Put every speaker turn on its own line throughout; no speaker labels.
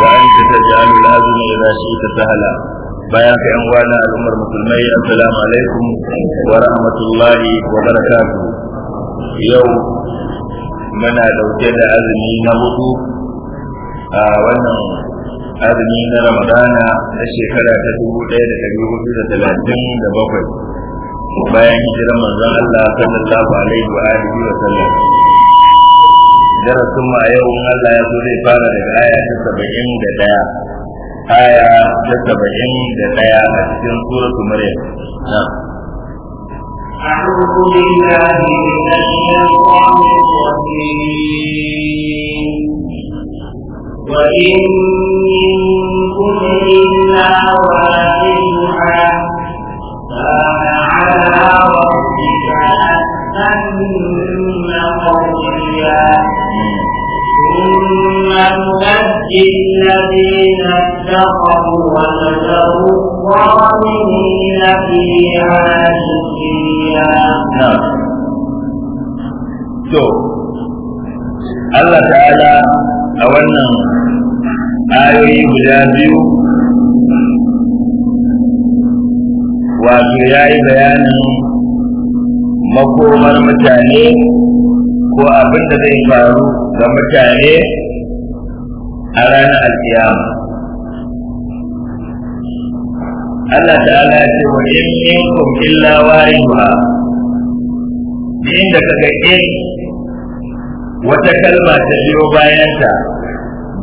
وأنت تجعل الأذن إذا شئت سهلا bayan ka yan wani al'ummar musulmai assalamu alaikum wa rahmatullahi wa barakatuh yau muna dauke da azumi na hudu a wannan azumi na ramadana na shekara ta dubu ɗaya da ɗari hudu da da bakwai bayan hijirar manzon Allah sallallahu alaihi wa alihi wa darasin ma yau in Allah ya so zai fara daga aya ta saba'in da daya aya ta saba'in da daya a cikin suratu
maryam أعوذ بالله ثم ننجي الذين اتقوا ونذر الظالمين فيها جثيا to Allah ta'ala a wannan ayoyi guda biyu
wato ya yi bayanin makomar mutane
ko abin da zai faru ga mutane a ranar alkiyama Allah ta'ala ya ce
wa in minkum illa wariha din da kaga in wata kalma ta biyo bayanta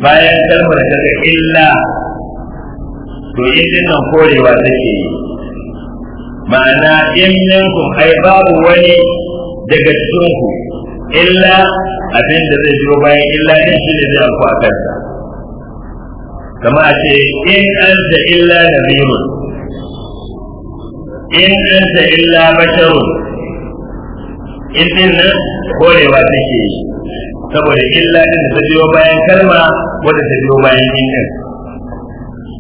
bayan kalmar kaga illa to in din nan korewa take yi ma'ana in minkum ai babu wani daga cikinku illa abin da zai biyo bayan illa ne shi ne zai alku a kansa kama a ce in anta illa nazirun in anta illa basharun in din nan korewa take yi saboda illa ne da zai biyo bayan kalma wadda ta biyo bayan in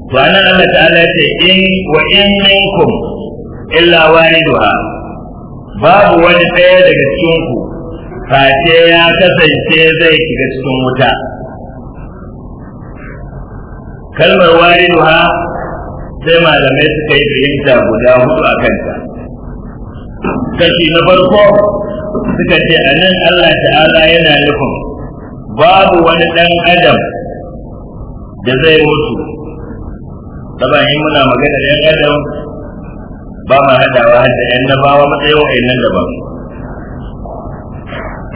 wa to Allah ta'ala ce in wa in minkum illa waliduha babu wani daya daga cikin ku face ya kasance zai shiga cikin wuta kalmar Wari wariduha sai malamai suka yi fahimta guda hudu a kanta kashi na farko suka ce a nan Allah ta'ala yana nufin babu wani ɗan adam da zai mutu saboda yi muna magana 'yan adam ba ma haɗawa har yan ƴan nabawa matsayin wa'annan daban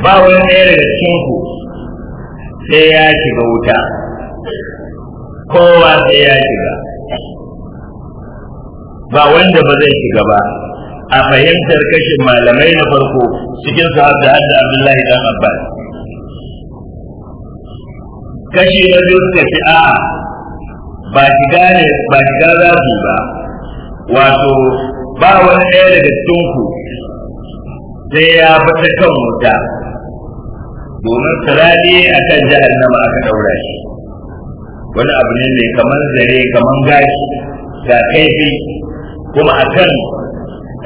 ba wani ɗaya daga cikin ku sai ya shiga wuta kowa sai ya shiga ba wanda ba zai shiga ba a fahimtar kashin malamai na farko cikin su har da hadda Abdullahi dan Abbas kashi na biyu suka ce a ba shiga ne ba shiga za su ba wato ba wani ɗaya daga cikin ku sai ya fita kan wuta domin sirari a kan jahannama aka daura shi wani abu ne mai kamar zare kamar gashi ga kaifi kuma a kan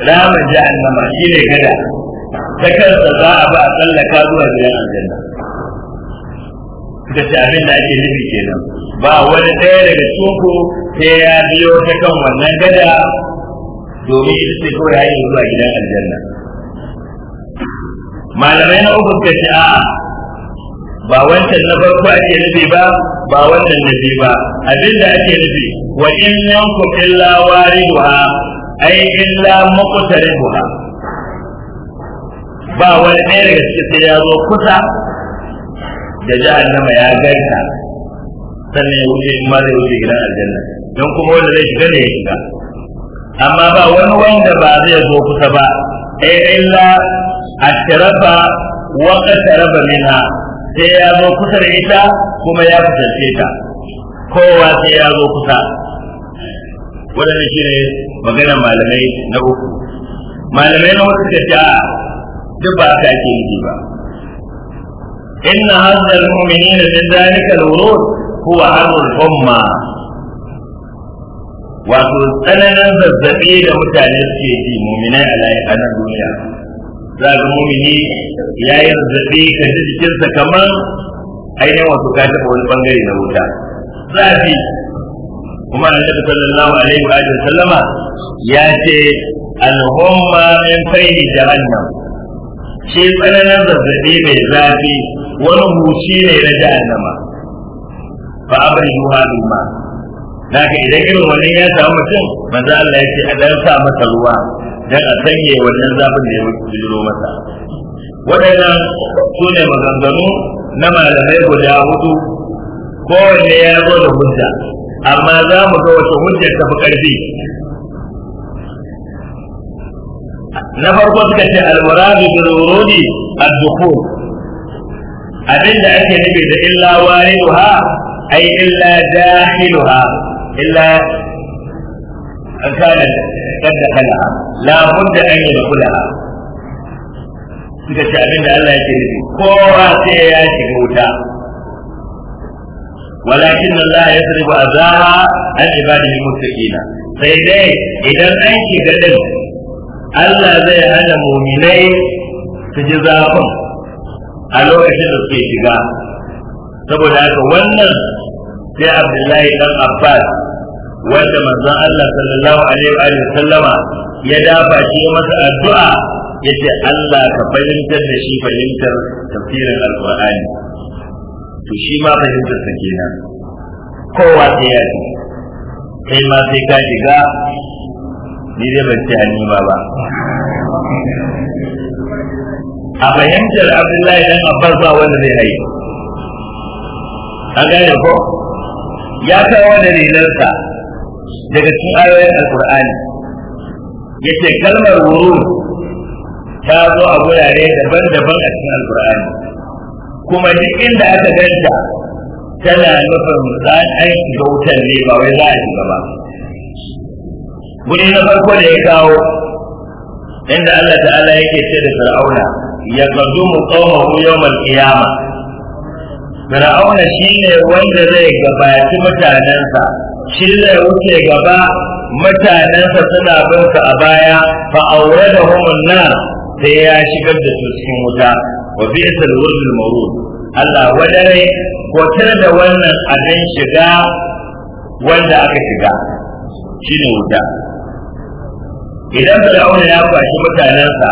ramin jahannama shi ne gada ta kansa za a ba a tsallaka zuwa gidan aljanna da ta abin da ake nufi kenan ba wani ɗaya daga cinku sai ya biyo ta kan wannan gada domin ita ce kawai hanyar zuwa gidan aljanna malamai na uku suka ce a'a ba wancan na farko ake nufi ba ba wannan nufi ba abinda ake nufi wa in yankum illa wariduha ai illa muqtaribuha ba wani ɗaya daga cikin sai ya zo kusa da jahannama ya ganta sannan ya wuce kuma zai wuce gidan aljanna don kuma wanda zai shiga ne ya shiga amma ba wani wanda ba zai zo kusa ba ai illa ashrafa wa qataraba minha sai ya zo kusa da ita kuma ya kusance ta kowa sai ya zo kusa waɗanda shi ne maganar malamai na uku malamai na wasu da ta duk ba aka ake yi ba inna hazzal mu'minina min zalika al-wurud huwa hazzul umma wato tsananin zazzabi da mutane suke ji mu'minai a nan duniya za ga mumini ya yi zazzabi ka ji jikinsa kamar ainihin wasu ka taɓa wani bangare na wuta zafi kuma annabi sallallahu alaihi wa sallama ya ce alhumma min fayni jahannam shi tsananin zazzabi mai zafi wani hushi ne na jahannama fa yi wa ma da idan irin wannan ya samu mutum maza Allah ya ce a dan sa masa ruwa dan a sanye wannan zafin da ya bujiro masa waɗannan su ne maganganu na malamai guda hudu kowanne ya zo da hujja amma za mu ga wata hujjar ta fi ƙarfi na farko suka ce almurabi bil wurudi ad-dukhul abinda ake nufi da illa wariduha ay illa dakhiluha illa فكانت قد دخلها لا بد ان يدخلها suka ce abin da Allah yake nufi kowa sai ya shiga wuta walakin Allah ya tsaribu azaba an ibadihi muttaqina sai dai idan an shiga din Allah zai hana mu'minai su ji zafin a lokacin da suke shiga saboda haka wannan sai Abdullahi ɗan Abbas wanda manzon Allah sallallahu alaihi wa sallama ya dafa shi masa addu'a yace Allah ka fahimtar da shi fahimtar tafsirin alqur'ani to shi ma fahimtar sa kenan kowa sai ya ji kai ma sai ka shiga ni dai ban ci halima ba a fahimtar abdullahi dan abbas ba wanda zai haihu. A gane ko ya kawo da renarsa daga cikin ayoyin alkur'ani yace kalmar wurur ta zo a gurare daban-daban a cikin alkur'ani kuma duk inda aka ganta tana nufin za a yi wutar ne ba wai za a shiga ba guri na farko da ya kawo inda Allah ta'ala yake ce da fir'auna ya gazu mu qawmahu yawmal malkiyama fir'auna shine wanda zai gabaci mutanensa shi zai wuce gaba mutanensa suna bin sa a baya fa aure da homin nan sai ya shigar da su cikin wuta wa bi isal wurdul marud Allah wadare kotar da wannan abin shiga wanda aka shiga shine wuta idan da aure ya kwashi mutanensa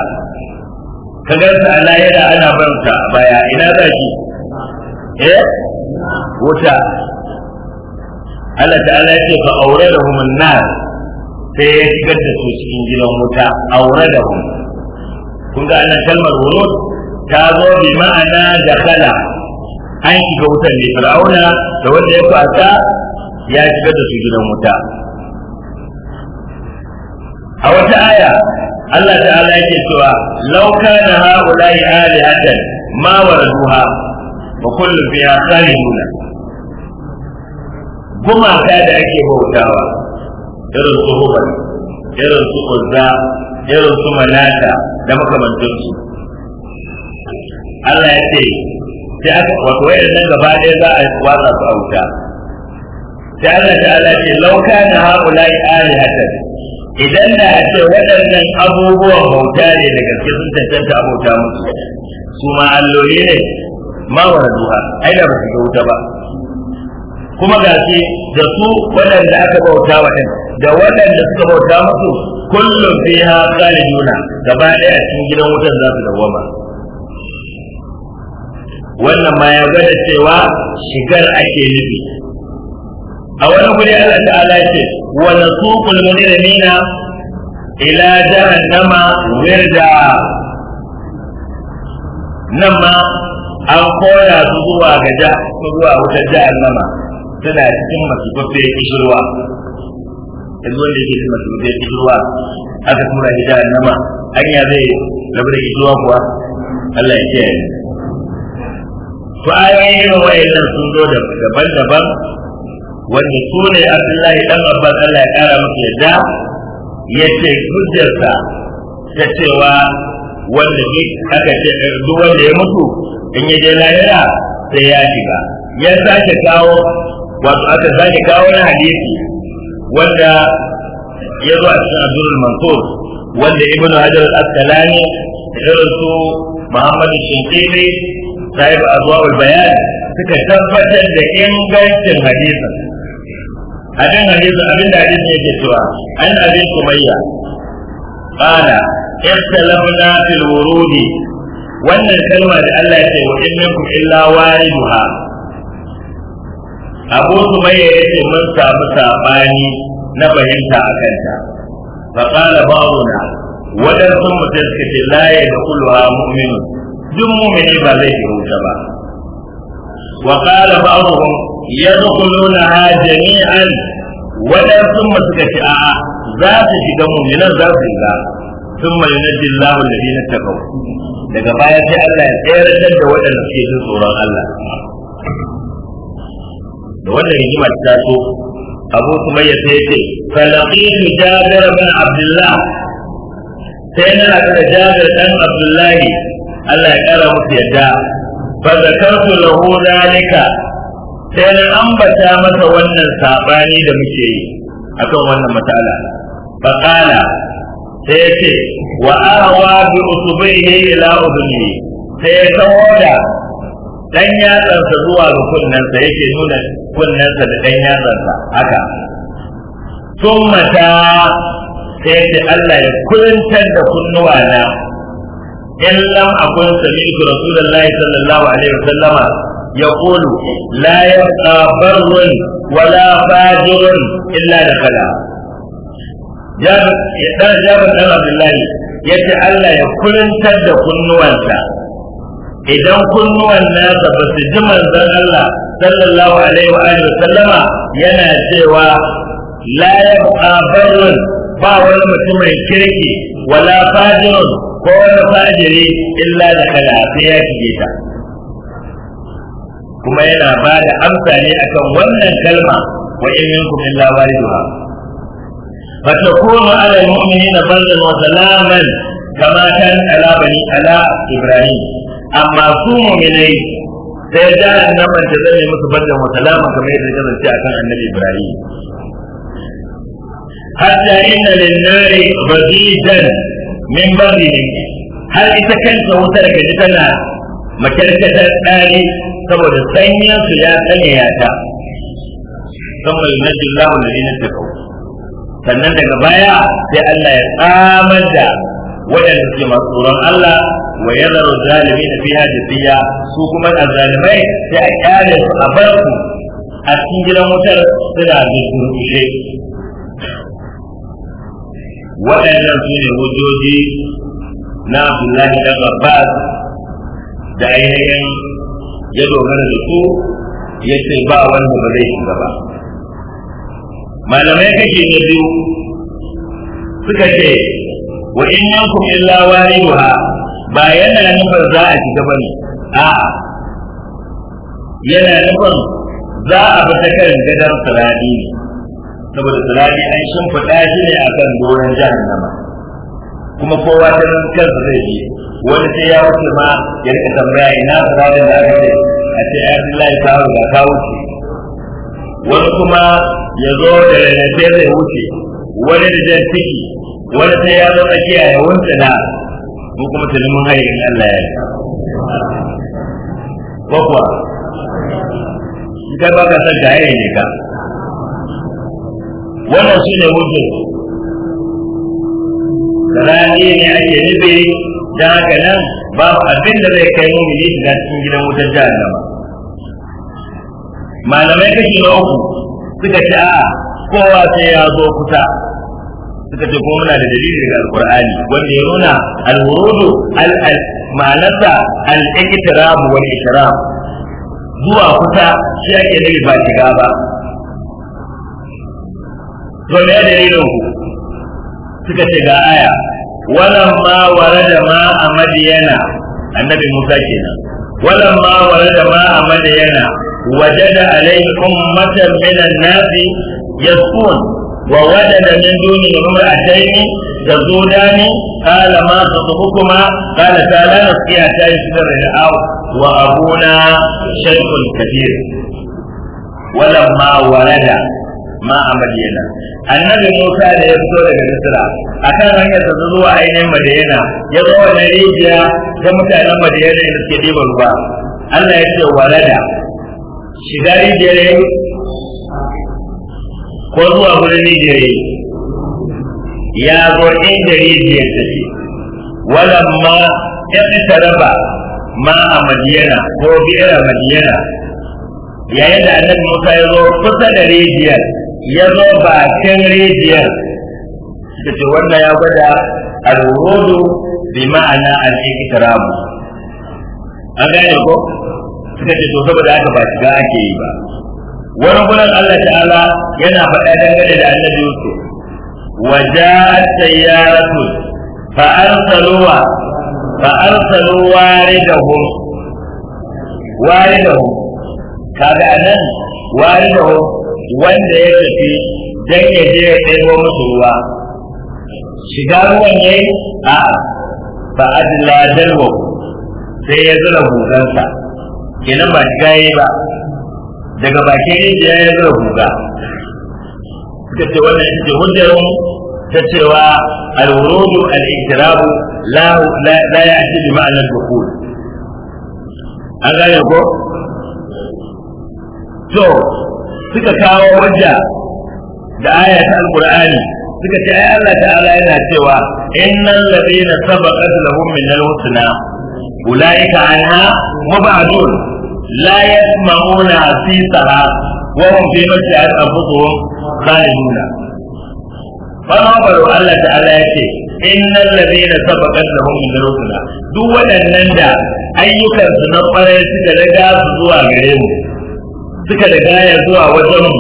ka gansa a layira ana barinsa a baya ina za shi eh wuta Allah ta'ala ya ce fa aure da humun nar sai ya shigar da su cikin gidan wuta aure da hum kun ga annan kalmar wurud ta zo bi ma'ana da kala an shiga wutan ne fir'auna da wanda ya kwasa ya shigar da su gidan wuta a wata aya Allah ta'ala yake cewa law kana haula'i alihatan ma waraduha wa kullu fiha khaliduna gumaka da ake bautawa irin su hubal irin su kuzza irin su manata da makamantansu Allah ya ce sai aka wato nan gaba ɗaya za a watsa su a wuta Ta Allah ta Allah ce lauka na haulai alihatan idan da a ce waɗannan abubuwan bauta ne da gaske sun ta abota musu su ma alloli ne ma wa duha ai da ba su wuta ba kuma ga shi da su waɗanda aka bauta wa ɗin da waɗanda suka bauta musu kullum fi ha kaliduna gaba ɗaya cikin gidan wutan za su dawwama wannan ma ya gwada cewa shigar ake nufi a wani guri Allah ta'ala ce wa nasuqul mujrimina ila jahannama wirda nan ma an koya su zuwa ga zuwa wutar jahannama tana cikin masifaffiyar kishirwa yanzu wanda yake cikin masifaffiyar kishirwa aka tura shi da nama hanya zai rabu da kishirwa kuwa Allah ya kiyaye to ayoyi wayan nan sun zo daban-daban wanda su ne Abdullahi dan Abbas Allah ya kara masa yadda ce hujjarsa ta cewa wanda ne aka ce duk wanda ya mutu in ya je lahira sai ya shiga ya sake kawo wato aka zaki kawo na hadisi wanda ya zo a cikin abdul mansur wanda ibnu hajar al-asqalani irin su muhammadu shinkiri sahib azwaul bayan suka tabbatar da ingancin hadisin hadin hadisin abin da hadisin yake cewa an abin sumayya qala ikhtalafna fil wurudi wannan kalma da Allah ya ce wa in minkum illa wariduha abu su bayyana yace mun samu sabani na fahimta a kanta fa qala ba'duna wadansu mutum suka ce la ya kulluha mu'minu duk mu'mini ba zai shiga wuta ba wa qala ba'dhum yadkhulunaha jami'an wadansu mutum suka ce a'a za su shiga mu'minan za su shiga ثم ينجي الله الذين اتقوا daga baya sai Allah ya tsayar da waɗanda suke jin tsoron Allah da wannan rigima ta taso abu kuma ya sai ce falaqitu jabir bin abdullah sai na haɗu da jabir dan abdullahi Allah ya kara musu yadda fa zakartu lahu zalika sai na ambata masa wannan sabani da muke yi akan wannan matsala fa qala sai ya ce wa ahwa bi usbayhi ila udni sai ya kawo da dan yatsansa zuwa ga kunnensa yake nuna kunnensa da dan yatsansa haka sun mata sai ce Allah ya kuntar da kunnuwa na in lam akun sami'tu rasulullahi sallallahu alaihi wasallama يقول illa da بر ولا فاجر إلا دخلا جابر جابر بن عبد Allah ya يكون da كنوانسا idan kunnuwan nasa ba su ji manzon Allah sallallahu alaihi wa alihi sallama yana cewa la yabqa barrun ba wani mutum mai kirki wala fajirun ko wani fajiri illa da kala sai ya shige ta kuma yana ba da amsa ne akan wannan kalma wa in minkum illa waliduha فتكون على المؤمنين بردا وسلاما كما كان على بني al'a Ibrahim. amma su mu'minai sai jahannama ta zame musu badda wa salama kamar yadda kasance akan annabi Ibrahim hatta inna lin-nari radidan min baghihi har ita kanta wuta daga ji tana makarkatar tsari saboda sanyin su ya sanyaya ta kamar yunajin lahun da na tafi sannan daga baya sai Allah ya tsamar da waɗanda suke masu tsoron Allah wa yadhar zalimin fiha jithiya su kuma azzalimai sai a kyale su a bar su a cikin gidan wutar
suna gurgurushe waɗannan su ne hujjoji na Abdullahi da Abbas da
ainihin ya dogara da su ya ce ba wanda ba zai ba malamai kake ba yana nufin za a shiga ba ne a'a yana nufin za a bi ta kan gadar saladi ne saboda saladi an shimfiɗa shi ne a kan doron jahannama kuma kowa ta nan kansa zai je wani sai ya wuce ma ya rika tambaya ina saladin da aka yi a ce ya fi lai ta da ta wuce wani kuma ya zo da sai zai wuce wani da jan ciki wani sai ya zo tsakiya ya wuce na mu kuma tuni mun haye in Allah ya
ko kuwa in kai baka san ka haye ne ka wannan shi ne wuce
rani ne ake nufi don haka nan ba abin da zai kai mumini shiga cikin gidan wutar jahannama malamai kashi na uku suka ce a'a kowa sai ya zo kusa suka ce kuma muna da dalili daga alqur'ani wanda ya nuna alwurudu al ma'anarsa al-iqtirab wal ikram zuwa kusa shi ake nufi ba shiga ba to me dalilin ku suka ce ga aya Wannan walamma da ma a madiyana annabi Musa kenan walamma da ma a madiyana wajada alaihi ummatan minan nasi yasqun wa من min duni imra'atayn تزودان قال ما خطبكما قال لا نسقي حتى يصدر الأرض وأبونا شيخ كبير ولما ولد ma a annabi musa da ya fito daga misra a kan hanyar ta zuwa ainihin madina ya zo wannan rijiya ta mutanen madina da suke ruwa allah ya ce walada shiga yi. ko zuwa wurin rijiyar ya zo inda rijiyar ta ce ma ya fita raba ma a madiyana ko biyar a madiyana yayin da annabi musa ya zo kusa da rijiyar ya zo bakin rijiyar da ce wannan ya gwada al-wudu bi ma'ana al-iktiramu an gane ko suka ce to saboda aka ba shiga ake yi ba wani gurin Allah ta'ala yana faɗa dangane da annabi Yusuf wa ja'at sayyaratun fa arsaluwa fa arsalu waridahum waridahum kaga anan waridahum wanda ya tafi dan ya je ya ɗebo musu ruwa shiga ruwan ne? a fa adla dalwa sai ya zura hudansa kenan ba shiga yayi ba daga bakin rijiya ya zura guga suka ce wannan ita ce hujjarun ta cewa al-wurudu al-ijtirabu la la ya'ti bi ma'na al-dukhul an gane ko to suka kawo hujja da aya ta alqur'ani suka ce ai Allah ta'ala yana cewa innal ladina sabaqat lahum min al-husna ulaika anha mubadun la yasma'una fi sara wa hum fi masjid anfusuhum khalidun fara baro Allah ta'ala yake innal ladina sabaqat lahum min rusula duk waɗannan da ayyukansu na kwarai suka riga su zuwa gare mu suka riga ya zuwa wajen mu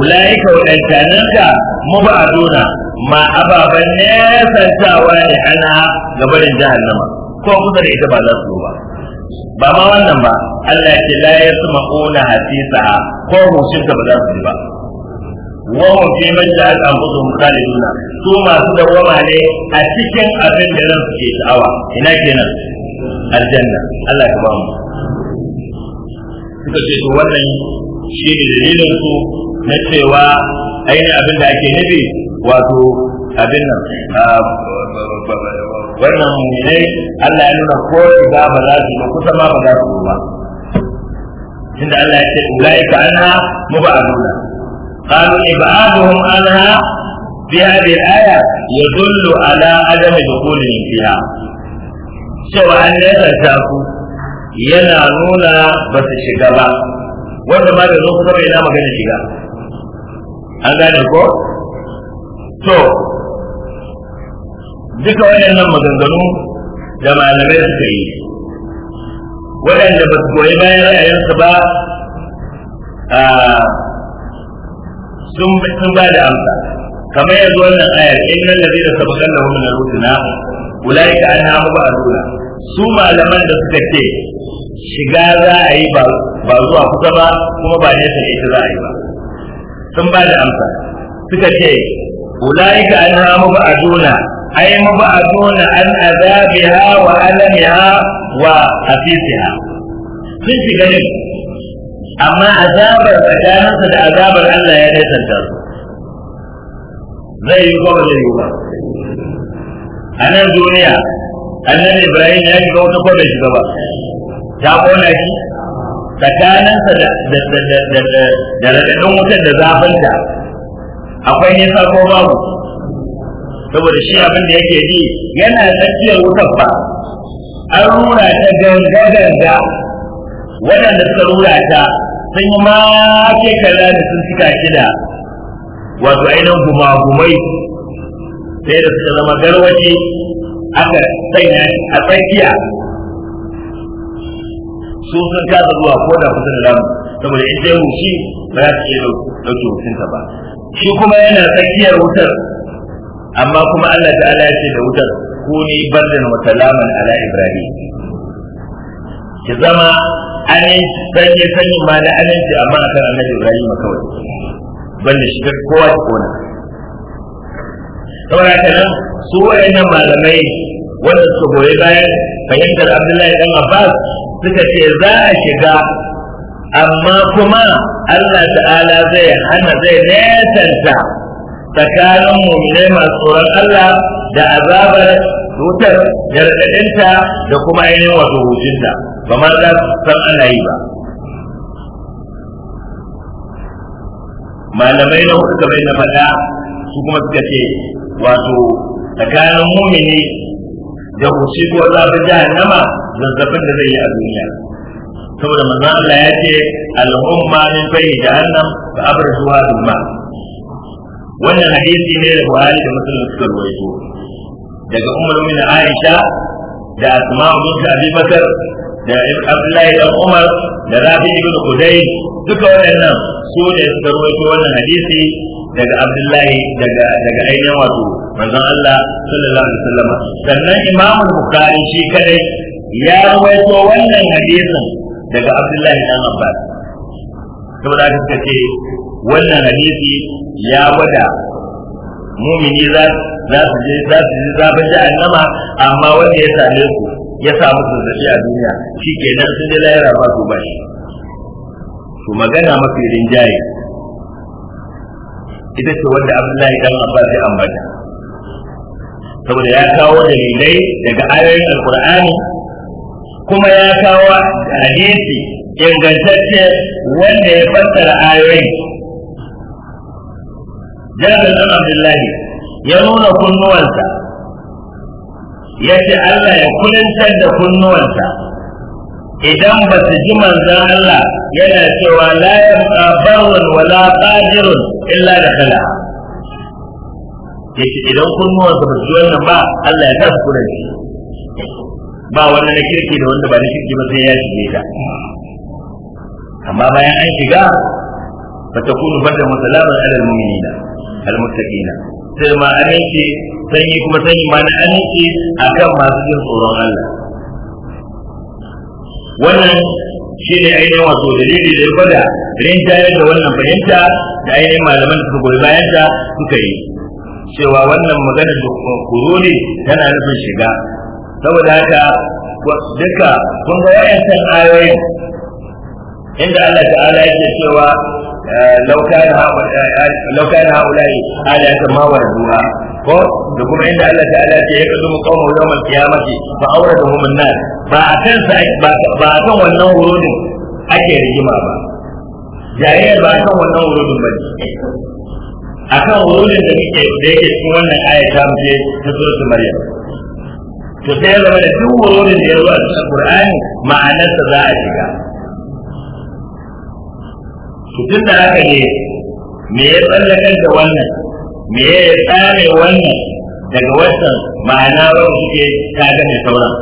ulaika waɗancananka mubaduna ma ababan nesantawa ne ana gabarin jahannama ko kusa da ita ba za su ba ba ma wannan ba Allah ya ce la ona hasisaha ko mushinka ba za su ji ba wahum fi man ja'al anfusuhum khaliduna su masu dawama ne a cikin abin da ran suke sha'awa ina kenan aljanna Allah ya ba mu suka ce to wannan shi ne dalilin su na cewa ainihin abin da ake nufi wato abin nan ah, wannan mu'minai Allah ya nuna ko shiga ba za su ba kusa ma ba za su yi ba inda Allah ya ce ulaika anha nuna. qalu ibaduhum anha bi hadhihi al-aya yadullu ala adami dukhulihim fiha cewa an nesanta ku yana nuna ba su shiga ba wanda ma da zo kusa bai na magana shiga an gane ko to duka nan maganganu da malamai suka yi waɗanda ba su goyi bayan ra'ayinsa ba sun ba da amsa kamar yanzu wannan ayar inna ladina sabaqallahu min al-husna ulaika anha mabaduna su malaman da suka ce shiga za a yi ba zuwa kusa ba kuma ba nesa sai ita za a yi ba sun ba da amsa suka ce ulaika anha mabaduna ay mabaduna an azabiha wa alamiha wa hafifiha sun shiga ne amma azabar tsakaninsa da azabar Allah ya nesanta su zai yi ba zai yi ba a nan duniya annabi ibrahim ya shiga wata ko bai shiga ba ta kona shi da raɗaɗin wutar da akwai nisa ko babu saboda shi abin da yake ji yana tsakiyar wutar ba an rura ta ganga ganga waɗanda suka rura ta sun yi mace kalla da sun cika shida wato ainihin gumagumai sai da suka zama garwaje aka sanya a tsakiya su sun kasa zuwa ko da kusa da lamu saboda in dai shi ba za su iya ɗauki hukunta ba shi kuma yana tsakiyar wutar amma kuma Allah ta'ala ya ce da wutar kuni bardan wa salaman ala ibrahim ki zama anin sanye sanyin ma na aminci amma akan annabi ibrahim kawai banda shiga kowa ta kona saboda haka nan su wayannan malamai wanda suka goyi bayan fahimtar abdullahi dan abbas suka ce za a shiga amma kuma Allah ta'ala zai hana zai nesanta tsakanin mu'minai masu tsoron Allah da azabar wutar gargadinta da kuma ainihin wato hujinta, ba ma za su san ana yi ba malamai na hudu kamar na faɗa su kuma suka ce wato tsakanin mumini da kuci ko zafin jahannama zazzafin da zai yi a duniya saboda manzon Allah ya ce al'umma min bai jahannam fa abrasuha bil ma' wannan hadisi ne da Buhari da Muslim suka rawaito daga Umar bin Aisha da Asma bin Abi Bakar da Abdullahi da Umar da Rafi ibn Qudai duka waɗannan su ne suka rawaito wannan hadisi daga Abdullahi daga daga ainihin wato manzon Allah sallallahu alaihi wasallam sannan Imam Bukhari shi kadai ya rawaito wannan hadisin daga Abdullahi dan Abbas saboda haka suka ce wannan hadisi ya wada mumini za za su je za su je zafin jahannama amma wanda ya same ku ya samu zazzabi a duniya shi ke nan sun je layar ba su ba shi to magana mafi rinjaye ita ce wanda abdullahi dan abbas ya ambata saboda ya kawo dalilai daga ayoyin alqur'ani kuma ya kawo hadisi ingantacce wanda ya fassara ayoyi jabir bin abdullahi ya nuna kunnuwansa ya ce Allah ya kulantar da kunnuwansa idan ba su ji manzan Allah yana cewa la yamqa barrun wala qadirun illa da kala yace idan kunnuwansa ba su ji wannan ba Allah ya tafi kulanci ba wannan na kirki da wanda ba na kirki ba sai ya shige ta amma bayan an shiga fatakunu badda musalaman alal mu'minina al sai ma aminci sanyi kuma sanyi ma na aminci akan masu jin tsoron Allah wannan shi ne ainihin wato dalili da ya gwada rinjayar da wannan fahimta da ainihin malaman su suka goyi bayan ta suka yi cewa wannan magana da kuruni tana nufin shiga saboda haka duka kun ga wayancan ayoyin inda Allah ta'ala yake cewa لو كان هؤلاء لو كان هؤلاء آلهة ما وردوها da kuma inda Allah ta'ala ce ya kazo mu kawo yau mal kiyamati fa awradahum an-nar ba a kan sa ba a kan wannan wurin ake rigima ba jayayya ba a kan wannan wurin ba a kan wurin da muke da yake cikin wannan aya ta muke ta suratul maryam to sai ya zama da duk wurin da ya zo a cikin qur'ani ma'anarsa za
a shiga to tun da haka ne me ya tsallakar da wannan me ya tsare wannan daga wannan ma'ana wanda suke ta gane sauran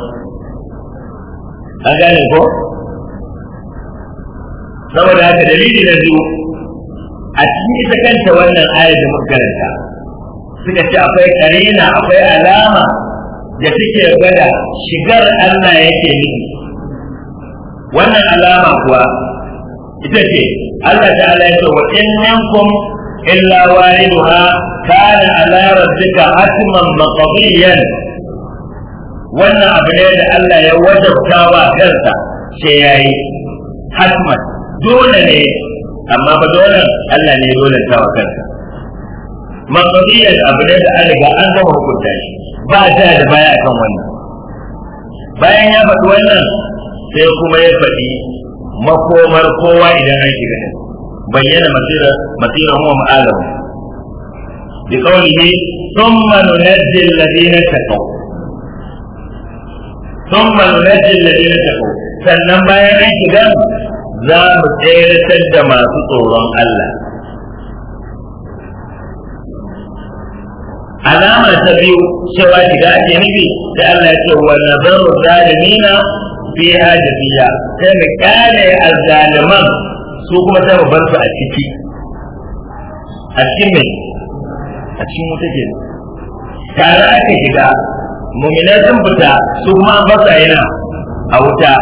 an gane ko saboda haka dalili na biyu a cikin
ita kanta wannan ayar da muka suka ce akwai karina akwai alama da suke gwada shigar Allah yake nufi wannan alama kuwa ita ce Allah ta'ala ya ce wa in minkum illa waliduha kana ala rabbika hatman maqdiyan wannan abu ne da Allah ya wajabta wa kansa ce yayi hatman dole ne amma ba dole Allah ne dole ta wa kansa maqdiyan abu ne da an riga an gama hukunta shi ba ta da baya kan wannan bayan ya faɗi wannan sai kuma ya faɗi makomar kowa idan an shiga din bayyana masira masira huwa ma'alahu bi qawlihi thumma nunajji alladhina taqaw thumma nunajji alladhina taqaw sannan bayan an shiga za mu tsayar da masu tsoron Allah alama ta biyu cewa shiga ake nufi da Allah ya ce wa nazaru zalimina fiha jaziya sai mu kale azzaliman su kuma sai mu su a ciki a cikin me a cikin wuta ke tare aka shiga mu'minai sun fita su kuma an fasa yana a wuta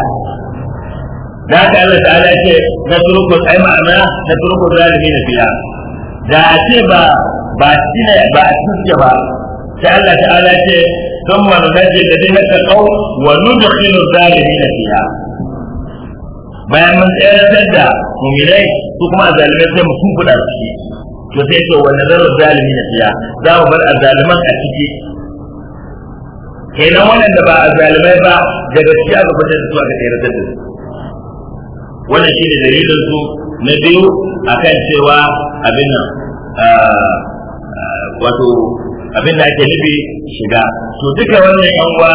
da haka Allah ta'ala ce na turku ai ma'ana na turku zalimi na fiya da a ce ba ba ba a cikin ba sai Allah ta'ala ce ثم ننجي الذين اتقوا وندخل الظالمين فيها bayan mun tsayar da muminai su kuma azalimai sai mu kumfuda su shi to sai to wannan zarar zalimi na fiya za mu bar azaliman a ciki kenan da ba azalimai ba da gaskiya ga fitar da su aka tsayar da su wannan shi ne dalilin su na biyu a kan cewa abin nan wato abin da ake nufi shiga to
duka wannan yan uwa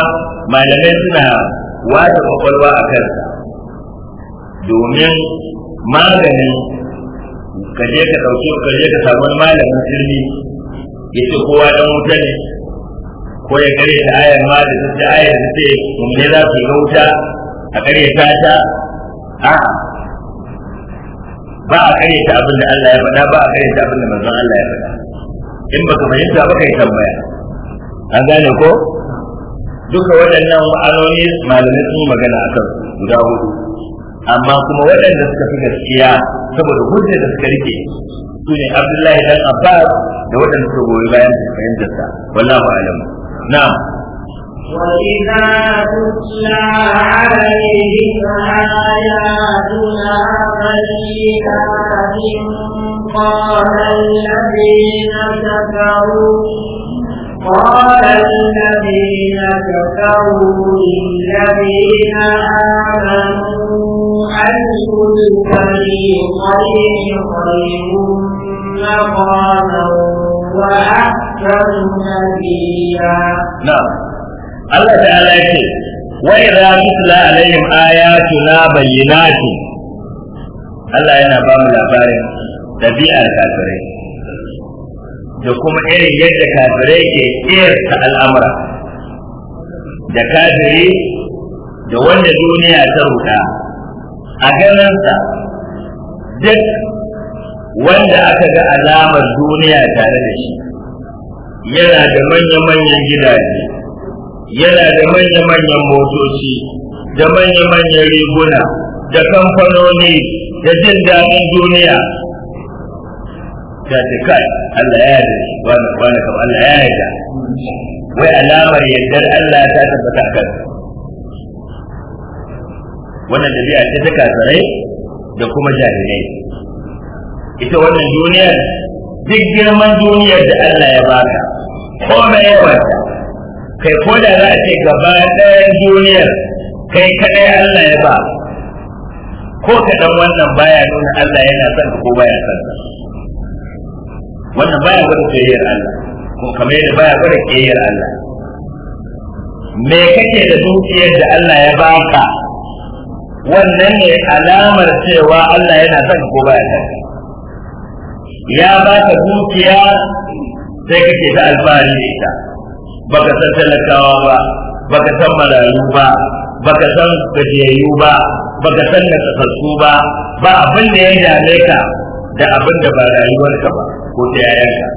malamai suna wata kwakwalwa a kan domin maganin ka je ka ɗauki ka je ka samu malamin sirri ya ce kowa dan wuta ne ko ya kare ta ayar ma da ta ayar da ce mun ne za su wuta a kare ta ta a ba a kare ta abin da Allah ya faɗa ba a kare ta abin da manzon Allah ya faɗa in ka fahimta ba kai tambaya an gane ko duka waɗannan ma'anoni malamai sun magana akan guda hudu amma kuma waɗanda suka fi gaskiya saboda hujja da suka rike su ne Abdullahi dan Abbas da waɗanda suka goyi bayan da fahimtar sa wallahu a'lam na'am
وإذا تتلى عليهم آياتنا بينات قال الذين كفروا قال الذين كفروا للذين آمنوا أي الفريقين خير مقاما وأحسن نبيا نعم الله تعالى يقول
وإذا تتلى عليهم آياتنا بينات Allah yana ba mu labarin ɗabi'ar kafirai da kuma irin yadda kafirai ke ta al'amura da kafiri da wanda duniya ta ruka a ganinsa duk wanda aka ga alamar duniya tare da shi yana da manya-manyan gidaje yana da manya-manyan motoci da manya-manyan riguna da kamfanoni da jin daɗin duniya ta ce kai Allah ya yarda wani wani kamar Allah ya yarda wai alamar yardar Allah ta tabbata a kansa wannan da biya ce ta kasarai da kuma jahilai ita wannan duniyar duk girman duniyar da Allah ya baka ko mai yawarta kai ko da za a ce gaba ɗayan duniyar kai kaɗai Allah ya ba ko kaɗan wannan baya nuna Allah yana son ko baya son wannan baya gwada soyayyar Allah ko kamar yadda baya gwada kiyayyar Allah me kake da dukiyar da Allah ya baka wannan ne alamar cewa Allah yana son ko baya son ya baka dukiya sai kake ta alfahari da ita baka san talakawa ba baka san marayu ba baka san gajiyayyu ba baka san nakasassu ba ba abin da ya dame ka da abin da ba rayuwarka ba ko ta yayanka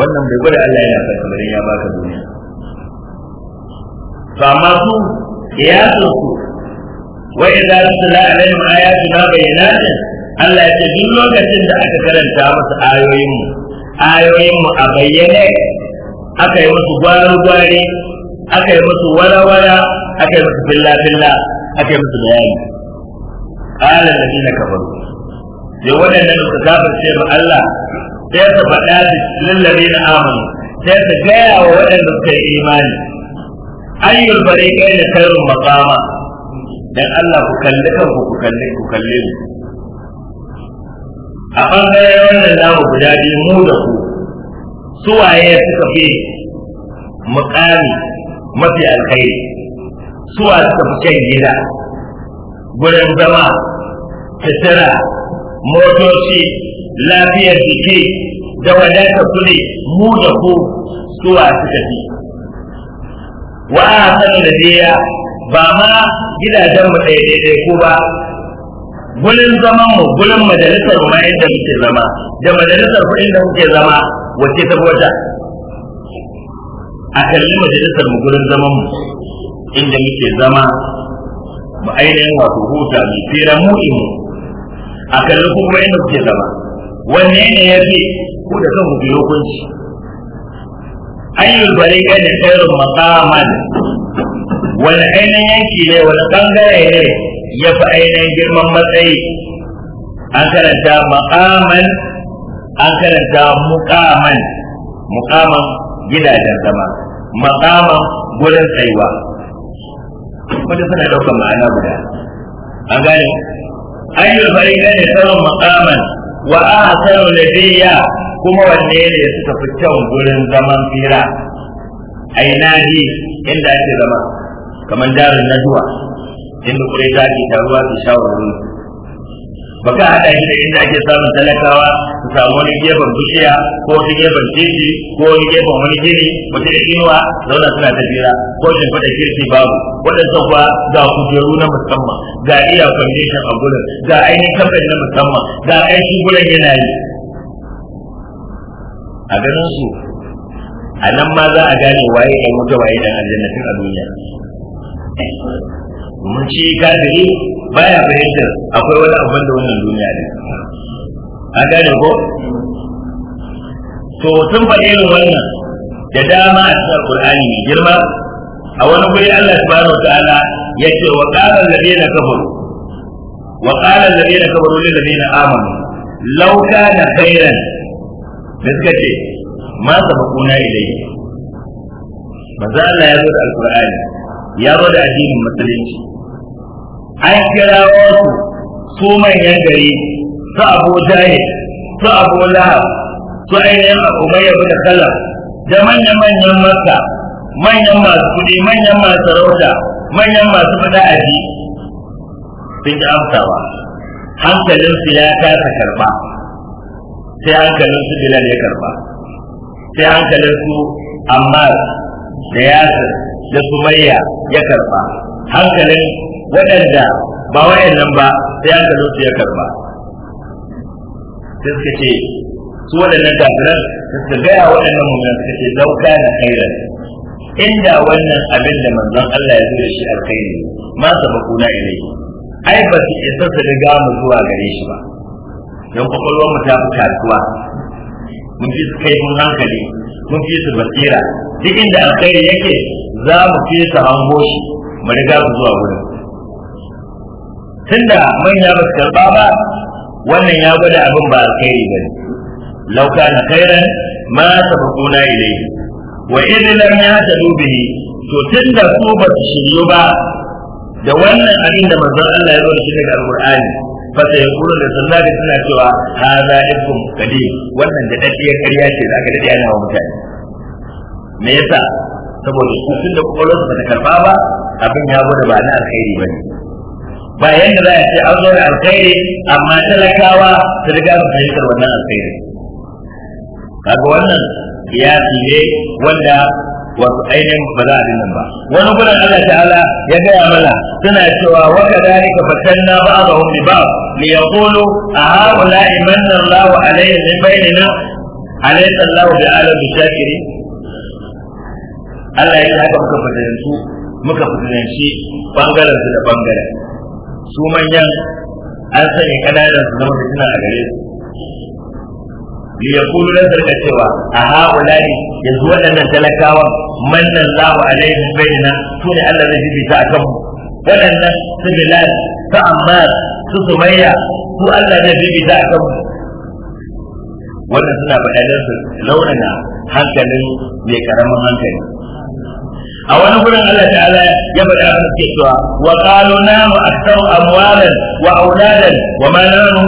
wannan bai gwada Allah yana san kamar ya baka duniya fa amma su so su wa idza tala alaihim ma bayyinatin Allah ya ce duk lokacin da aka karanta masa ayoyin mu ayoyin mu a bayyane aka yi musu gwaro gware aka yi musu wala-wala aka yi musu filla filla aka yi musu bayani qala alladhina kafaru ne waɗannan da kafir ce ma Allah sai ta faɗa da lallabe na amanu sai ta gaya wa waɗanda suka yi imani ayyul bare kai da kairun makama dan Allah ku kalli kanku ku kalli ku kalle mu a ɓangaren wannan namu guda biyu mu da ku suwaye suka fi mukami mafi alkhairi suwa suka fi shan gida gurin zama tattara motoci lafiyar jiki da wadata kuɗi mu da ku suwa suka fi wa san da biya ba ma gidajen mu daidai ko ba Gulin zaman mu gulin majalisar mu da muke zama da majalisar kuɗin da muke zama wace ta wata a kalli majalisar mu gulin zaman mu inda muke zama mu ainihin wato huta mu fira mu a kallon kuma yadda suke zama wanne ne ya fi ku da kan biyo kunci ayyul bari kai da kairin makaman wani ainihin yanki ne wani ɓangare ne ya fi ainihin girman matsayi an karanta makaman an karanta mukaman mukaman gidajen zama makaman gurin tsayuwa wanda suna ɗaukar ma'ana guda an gane أي الفريقين خير مقاما وأحسن نبيا kuma wanne ne suka fi kyau gurin zaman fira ai nahi inda ake zama kamar darin naduwa inda kure zaki taruwa su shawarwari baka hada shi da inda ake samun talakawa su samu wani gefen bishiya ko wani gefen titi ko wani gefen wani gini mutum da inuwa zauna suna tafiya ko shi fada kirki babu waɗansu kuwa ga kujeru na musamman ga iya condition a gurin ga ainihin kamfani na musamman ga aiki gudun yana yi a ganin su a nan ma za a gane waye ɗan wuta waye ɗan aljannatin a duniya mun ci kafiri baya fahimtar akwai wani abu da wannan duniya ne a gane ko to sun faɗi irin wannan da dama a cikin alƙur'ani mai girma a wani guri Allah subhanahu wa ta'ala ya ce wa qala alladheena kafaru wa qala alladheena kafaru lil ladheena amanu law kana khairan da suka ce ma sabaquna ilayhi manzo Allah ya zo da alƙur'ani ya zo da addinin musulunci an kira wasu su manyan gari su abu jahil su abu lahab su ainihin umayya bin kala da manyan manyan masa manyan masu kudi manyan masu sarauta manyan masu fada aji sun ji amsawa Hankalin su ya kasa karba sai hankalin su bilal ya karba sai hankalin su ammar da yasir da sumayya ya karba hankalin waɗanda ba nan ba sai hankalin su ya karba sai suka ce su waɗannan kafiran suka gaya waɗannan mummunan suka ce lauka na kairan inda wannan abin da manzon Allah ya zo da shi alkhairi ma sabakuna ilai ai ba su isa su riga mu zuwa gare shi ba don kwakwalwar mu ta fi kasuwa mun fi su kai mun hankali mun fi su basira duk inda alkhairi yake za mu fi su hango shi mu riga su zuwa wurin tunda manya ba su karba ba wannan ya gwada abin ba alkhairi bane law kana khairan ma sabaquna ilayhi wa idh lam yahtadu bihi to tunda su ba su shiryu ba da wannan abin da manzon Allah ya zo shi daga alqur'ani fa sai kula da sallati suna cewa hada ikum kadi wannan da dadiyar kariya ce da aka dade wa mutane me yasa saboda su da kwakwalwarsa ba ta karba ba abin ya gwada ba na alkhairi ba ne ba yadda za a ce an zo da alkhairi amma talakawa ta riga su fahimtar wannan alkhairi kaga wannan ya fiye wanda wasu ainihin ba za a dinnan ba wani gudan Allah ta'ala ya gaya mana suna cewa wa kadhalika fatanna ba'dahum ba ba'd li yaqulu a ha'ula'i manna Allahu alayhim min bainina alaysa Allahu bi'alam bi shakirin Allah ya haka muka fadalantu muka fadalanci bangaren su da bangaren su manyan an sanya kananan su zama tunan a gare su li yaqulu la zarka cewa a haulai yanzu waɗannan talakawan mannan lahu alaihim bainana su ne Allah zai ta a mu waɗannan su bilal su Amma, su sumayya su Allah zai ta a mu wannan suna faɗa launana hankalin mai karamin hankali a wani gurin Allah ta'ala ya faɗa a cikin cewa wa qalu nahnu aktsaru amwalan wa auladan wa ma nahnu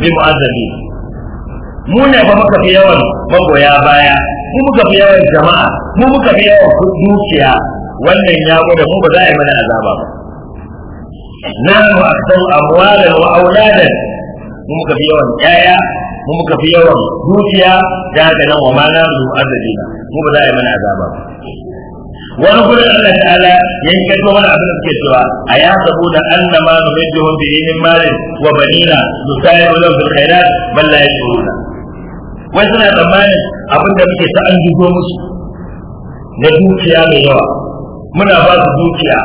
bi mu'azzabin mu ne ba muka fi yawan magoya baya mu muka fi yawan jama'a mu muka fi yawan dukiya wannan ya gwada mu ba za a yi mana azaba ba nahnu aktsaru amwalan wa auladan mu muka fi yawan yaya mu muka fi yawan dukiya da haka nan wa ma nahnu bi mu'azzabin mu ba za a yi mana azaba ba wani gudun Allah ta'ala yankin kuma mana abin da suke cewa a ya sabu da annama numayyihu bi ilmin malin wa banina nusayyibu lahu fil balla ya ce yashuruna wai suna tsammanin abin da muke ta an jigo musu na dukiya mai yawa muna ba su dukiya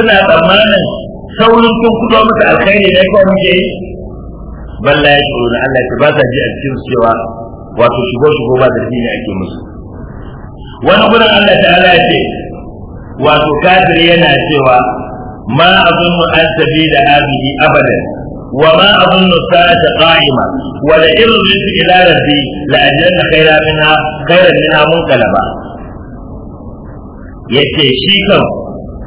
suna tsammanin saurin kun kudo musu alkhairi ne kawai muke yi ya ce yashuruna Allah ta ba ta ji a cikin cewa wato shigo shigo ba da ne ake musu wani gurin Allah ta'ala ala ce wato kafir yana cewa ma azunnu an sabila hadhihi abadan wa ma azunnu sa'ata qa'ima wa la in rujitu ila rabbi la ajanna kaira minha khayran minha Ya ce shi kan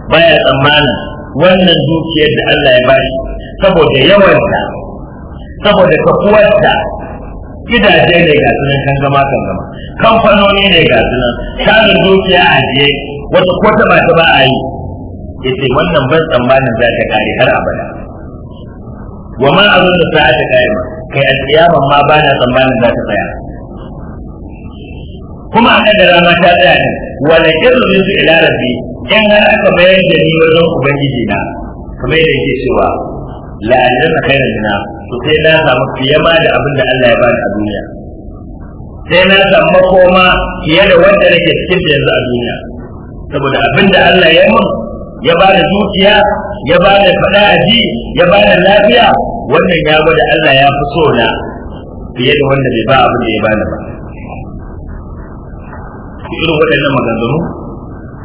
baya tsammanin wannan dukiyar da Allah ya bashi saboda yawanta saboda kafuwarta gidaje ne ga sunan kan gama kamfanoni ne ga sunan tarin dukiya a je wata kwata ba ta ba a yi ita wannan ban tsammanin za ta kare har abada wa ma azun da sa'a ta kare ma kai alƙiyama ma ba na tsammanin za ta tsaya kuma a kaddara ma ta tsaya ne wa la kirru su ila rabbi in har aka bayar da ni wajen ubangiji na kamar yadda yake cewa la'allaka khairan nas to sai na samu fiye ma da abin da Allah ya bani a duniya sai na samu makoma fiye da wanda nake cikin da yanzu a duniya saboda abin da Allah ya mun ya ba da zuciya ya ba da faɗa aji ya ba da lafiya wannan ya gwada Allah ya fi so na fiye da wanda bai ba abin da ya bani ba irin waɗannan maganganu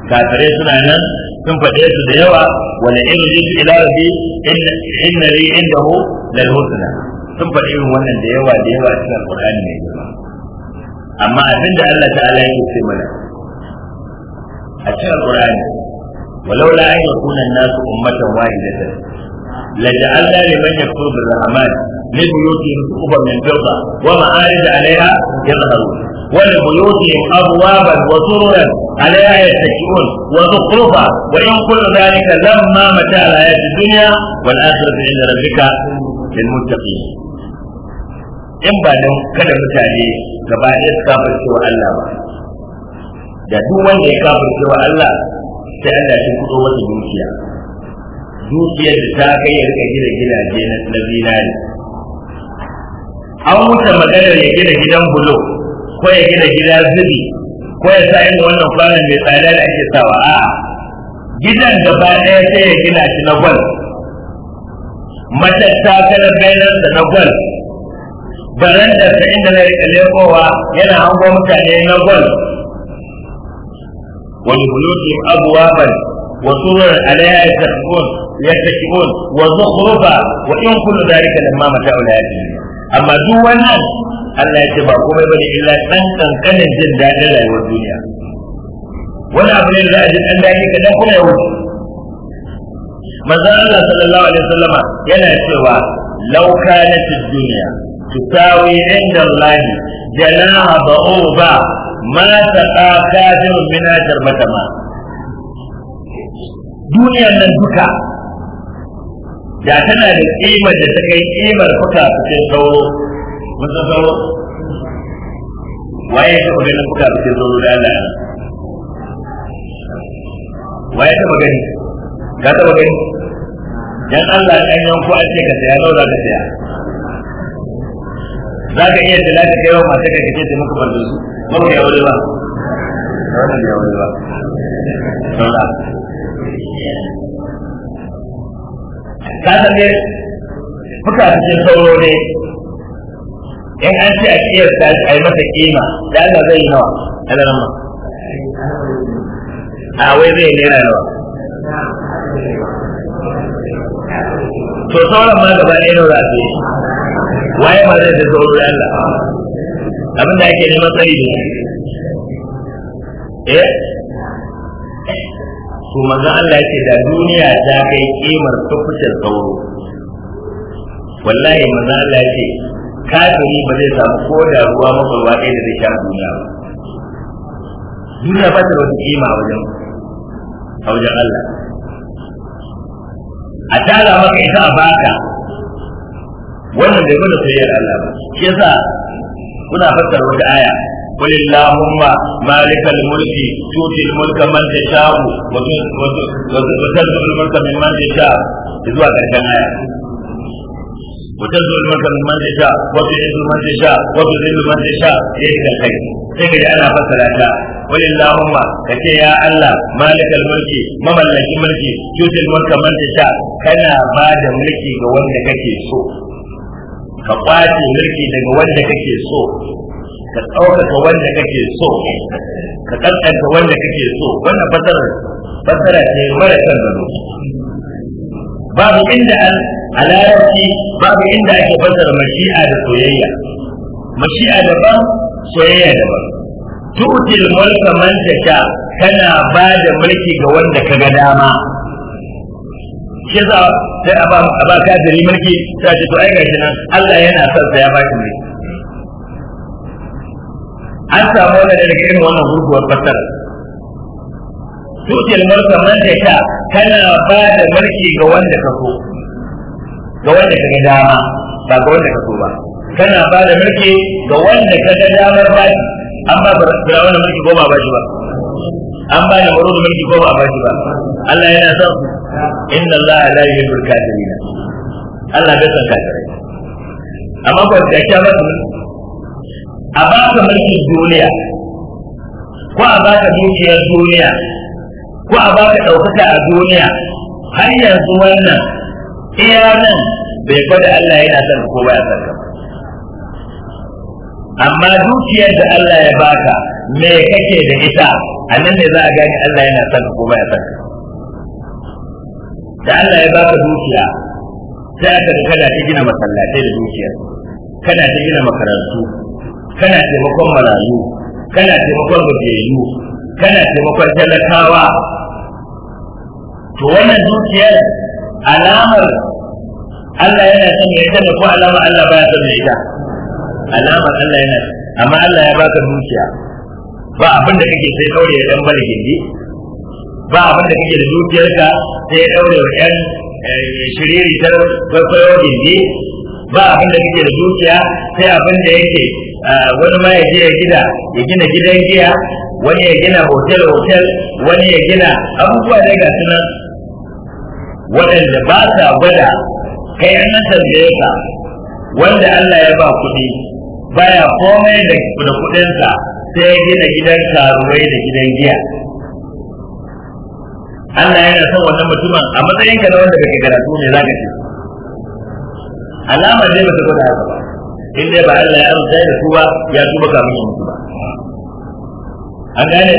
tare suna nan sun faɗe su da yawa wala irin ila rabbi inna li indahu lal husna sun faɗi irin wannan da yawa da yawa a cikin alqur'ani mai girma amma abin da Allah ta'ala ولولا أن يكون الناس أمة واحدة لجعلنا لمن يكفر من بيوتهم سقوفا من فضة ومعارج عليها يظهرون ولبيوتهم أبوابا وسررا عليها يتكئون وزخرفا وإن كل ذلك لما متاع الحياة الدنيا والآخرة عند ربك in ba don kada mutane gaba ɗaya su kafirce wa Allah ba da duk wanda ya kafirce wa Allah sai Allah ya kudo masa dukiya dukiyar da ta kai ya rika gina gidaje na zinari an wuce maganar ya gina gidan bulo ko ya gina gida zubi ko ya sa inda wannan kwanan mai tsada da ake sawa a gidan gaba ɗaya sai ya gina shi na gwal matattakalar bayanar da na gwal baran da ta inda na rika lekowa yana hango mutane na gwal wani buluki abuwa ban وسرر عليها يتكئون يتكئون وزخرفا وإن كل ذلك لما متاع الهادي Amma دون أن Allah ya ce ba komai bane illa dan kankanin jin daɗin rayuwar duniya wani abu ne da za a ji dan daɗi kaɗan kuma ya wuce manzo Allah sallallahu alaihi wasallam yana cewa law kanat ad-dunya tusawi inda Allah janaha ba'uba ma taqa kadirun min matama.
duniyan nan duka da tana da kima da ta kai kimar fuka cikin sauro mun sauro waye ya taɓa ganin fuka cikin sauro da Allah waye ya taɓa gani ka taɓa gani dan
Allah ɗan yanku ku ce ka saya nawa za ka saya za ka iya da lafi
kai wa masu ka kace maka bandu su ba ka yawo ba wannan ya wani ba ka san ne muka cikin sauro ne in an ce a
kiyar ta a yi masa kima da Allah zai yi nawa alaran ma a wai zai nera nawa to sauran ma gaba ɗaya nau yi waye ma zai da sauro Allah da ake neman sai ne eh su maza Allah yake da duniya ta kai kimar tukutar sauro wallahi maza Allah yake kafiri ba zai samu ko da ruwa makwalwa ɗaya da zai sha duniya ba duniya ba ta da wata kima a wajen
Allah a tara maka ita a baka wannan bai gwada soyayyar Allah ba shi yasa
kuna fassara wata aya قل اللهم مالك الملك تؤتي الملك من تشاء وتنزل الملك ممن تشاء zuwa ƙarshen aya وتزول مثل من تشاء وتعز من تشاء وتذل من تشاء يدك الخير تجد انا فصل اشاء قل اللهم كتي يا الله مالك الملك مملك الملك تؤتي الملك من تشاء كنا بعد ملكي ga wanda kake so ka kwace mulki daga wanda kake so ka ɗaukaka wanda kake so ka ƙasƙanta wanda kake so wannan fasara fasara ce mara kan gano babu inda a larabci babu inda ake fassara mashi'a da soyayya mashi'a daban soyayya daban tu'til mulka man tasha kana ba da mulki ga wanda ka ga dama shi za sai a ba kafiri mulki sai ce to ai gashi nan Allah yana son sa ya ba shi mulki an samu wannan daga irin wannan gurguwar fassara tutiyar mulka man da sha kana ba da mulki ga wanda ka so ga wanda ka ga dama ba ga wanda ka so ba kana ba da mulki ga wanda ka ga damar ba shi ba ba wani mulki goma ba shi ba an ba da wani mulki goma ba shi ba Allah yana son inna Allah la yuhibbul kafirin Allah bai san kafirai amma ba da kya ba a ba ka mulkin duniya ko a ba ka dukiyar duniya ko a baka ɗaukaka a duniya har yanzu wannan iya nan bai kwada Allah yana son ko ya san ka amma dukiyar da Allah ya baka me kake da ita a nan ne za a gani Allah yana son ko ya san ka da Allah ya baka dukiya sai aka kada ta gina masallatai da dukiyar kana ta gina makarantu kana taimakon marayu kana taimakon gajiyayyu kana taimakon talakawa to wannan dukiyar alamar Allah yana son ya ita da ko alamar Allah baya son ya ita alamar Allah yana amma Allah ya baka dukiya ba abin da kake sai daure ya dan bala gindi ba abin da kake da ka sai ya daure wa yan eh, shiriri ta kwaikwayo gindi ba abin da kake da dukiya sai abin da yake eh, wani ma ya je ya gida ya gina gidan giya wani ya gina hotel hotel wani ya gina abubuwa da ga sunan waɗanda ba sa gwada kai an nan tambaye wanda Allah ya ba kuɗi baya komai da kuɗinsa sai ya gina gidan karuwai da gidan giya Allah yana son wannan mutumin a matsayin ka na wanda kake karatu ne za ka ce
alama dai baka gwada haka ba in dai ba Allah ya amsa da su ba ya tuba kamun mutu ba an gane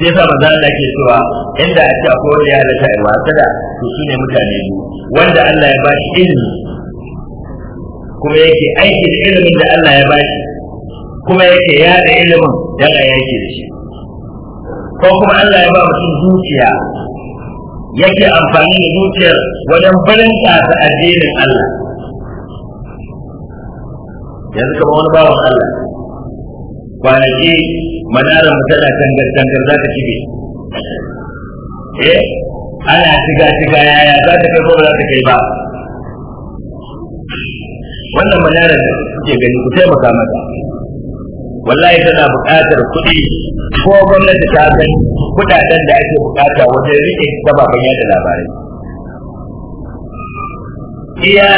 shi yasa manzo Allah ke cewa inda a ce akwai ya halaka ai wasada to shine mutane biyu wanda Allah ya ba shi ilimi kuma yake aiki da ilimin da Allah ya ba shi kuma yake da ilimin da Allah ya yake da shi
ko kuma Allah ya ba mutum zuciya yake amfani da zuciyar wajen farin tsasa addinin Allah yanzu kamar wani bawan Allah kwanaki madarar mu tana tangar
tangar za ta shige eh ana shiga shiga yaya za ta kai ko ba za ta kai ba wannan madarar da kuke gani ku taimaka mata wallahi tana buƙatar kuɗi ko gwamnati ta san kuɗaɗen da ake buƙata wajen riƙe sababbin yada labarai
iya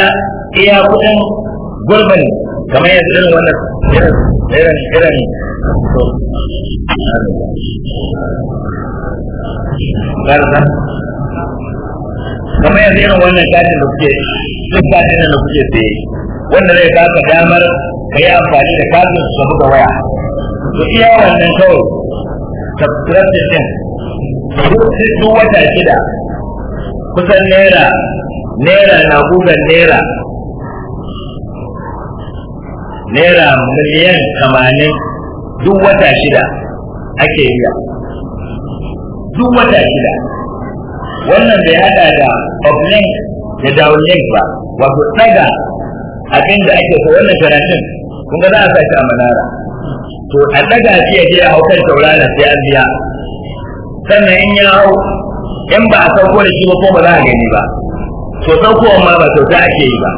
iya kuɗin gurbin kamar yanzu irin wannan irin irin garza kamar yanzu
irin wannan katin da kuke duk katin da kuke saye wanda zai baka damar ka yi amfani da katin su buga waya to iya wannan kawai subscription din duk wata shida kusan naira naira na gugan naira naira miliyan tamanin duk wata shida ake biya duk wata shida wannan bai hada da uplink da daulin ba wato daga abin da ake so wannan karatun kun ga za a sake a manara to a daga shi ya je a haukar taurara sai an biya sannan in ya hau in ba a sauko da shi ba ko ba za a gani ba to sauko ma ba kyauta ake yi ba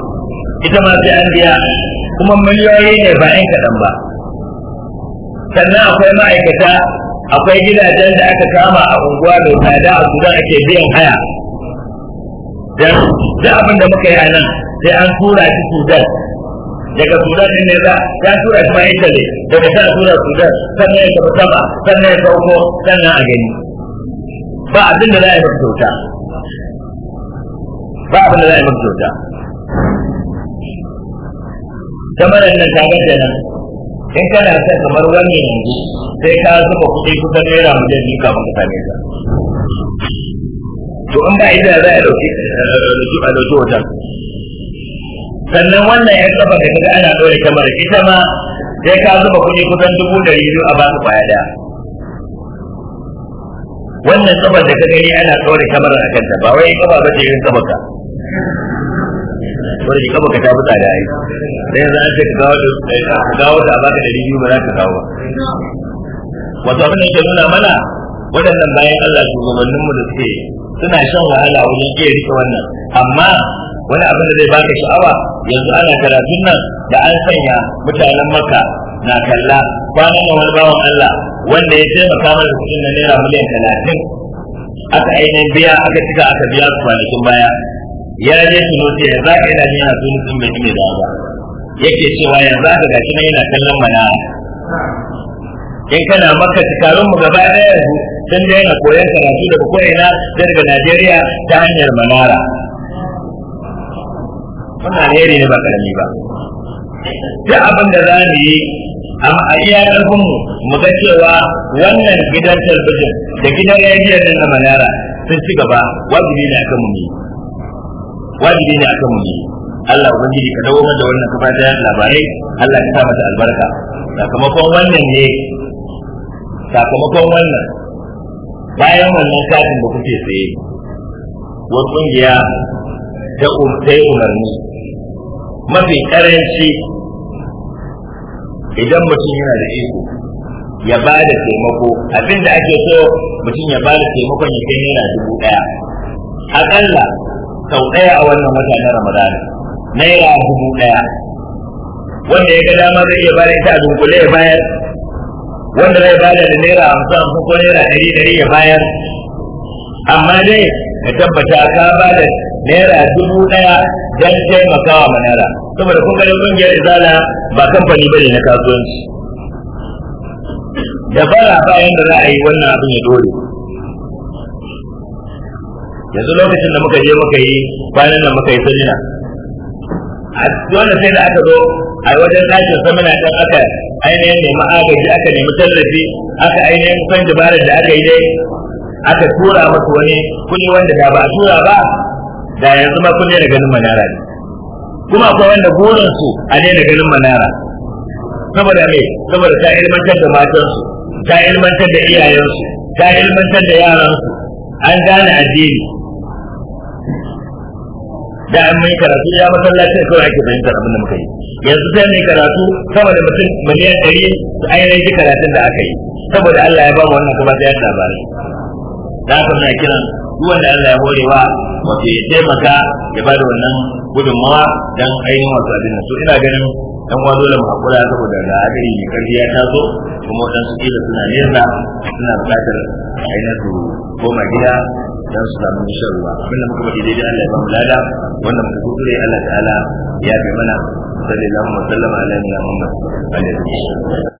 ita ma sai an biya kuma miliyoyi ne ba ɗan kaɗan ba sannan akwai ma'aikata akwai gidajen da aka kama a unguwa da tsada a sudan ake biyan haya dan da abin da muka yi a nan sai an tura shi sudan daga sudan din ne za ya tura shi bayan italy daga ta tura sudan sannan ya tafi sama sannan ya sauko
sannan a gani ba abin da za a yi mafi kyauta ba abin da za a yi kyauta kamar nan
ta gaje nan in kana sa kamar wani yanzu sai ka zuba kuɗi kusan naira miliyan biyu kafin ka same ka to in ba ita za a ɗauki a ɗauki wajen sannan wannan ya kafa da kaga ana ɗaure kamar ita ma sai ka zuba kuɗi kusan dubu ɗari biyu a ba su kwaya da. wannan kafa da ka gani ana ɗaure kamar a kanta ba wai kafa ba ce yin kafa ka wani ji kaba ka tafi tsada ya yi da yanzu an ce ka kawo da eh, kawo da baka dari biyu ba za ka kawo wato abin da ke nuna mana waɗannan bayan Allah shugabannin mu da suke suna shan wahala wajen iya rike wannan amma wani abin da zai baka sha'awa yanzu ana karatun nan da an sanya mutanen maka na kalla kwanan da wani bawan Allah wanda ya taimaka mana da kuɗin na naira miliyan talatin aka ainihin biya aka cika aka biya su kwanakin baya ya je tunisia ya za zaka yana yana sun bai kime da ba yake cewa ya za zaka gashi nan yana kallon mana in kana maka tikarun mu gaba daya yanzu sun da yana koyon karatu daga ko'ina daga najeriya ta hanyar manara wannan alheri ne ba karami ba duk abin da za mu yi amma a iya ƙarfin mu mu ga cewa wannan gidan talbijin da gidan rediyon nan na manara sun ci gaba wajibi na kan mu ne wajibi ne akan mu Allah ubangiji ka dawo da wannan kafa da labarai Allah ya sa mata albarka sakamakon wannan ne sakamakon wannan bayan wannan kafin da kuke tsaye wata kungiya ta umtai umarni mafi karanci idan mutum yana da iko ya ba da taimako abinda ake so mutum ya ba da taimakon ya kai naira dubu daya akalla sau ɗaya a wannan wata na Ramadan naira dubu ɗaya wanda ya ga dama zai iya bayar ta dunkule ya bayar wanda zai bada da naira hamsin hamsin ko naira ɗari ɗari ya bayar amma dai ka tabbata ka bada naira dubu ɗaya don taimakawa manara saboda kun ganin ƙungiyar izala ba kamfani bane na kasuwanci da fara bayan da za a yi wannan abin ya dole yanzu lokacin da muka je muka yi kwanan nan muka yi sunna a dole sai da aka zo a wajen ɗakin samina ɗan aka ainihin nemi agaji aka nemi tallafi aka ainihin san dabarar da aka yi dai aka tura masu wani kuni wanda da ba a tura ba da yanzu ma kun daina ganin manara ne kuma akwai wanda burinsu a daina ganin manara saboda me saboda ta ilmantar da matansu ta ilmantar da iyayensu ta ilmantar da yaransu an gane addini da an mai karatu ya masallaci kawai ake fahimtar abin da muka yi yanzu sai mai karatu sama da mutum miliyan ɗari su ainihin ji karatun da aka yi saboda Allah ya ba mu wannan kuma sai ya labari da haka muna kiran duk wanda Allah ya wa wata ya taimaka ya ba da wannan gudunmawa don ainihin wasu abin su ina ganin dan uwa dole mu hakura saboda da hadari mai karfi ya taso kuma wadansu kila suna nesa suna bukatar ainihin su koma gida dan su samu shan ruwa muka daidai Allah ya
lada wanda muka kuskure Allah ta'ala ya bi mana sallallahu alaihi wa sallam alaihi wa sallam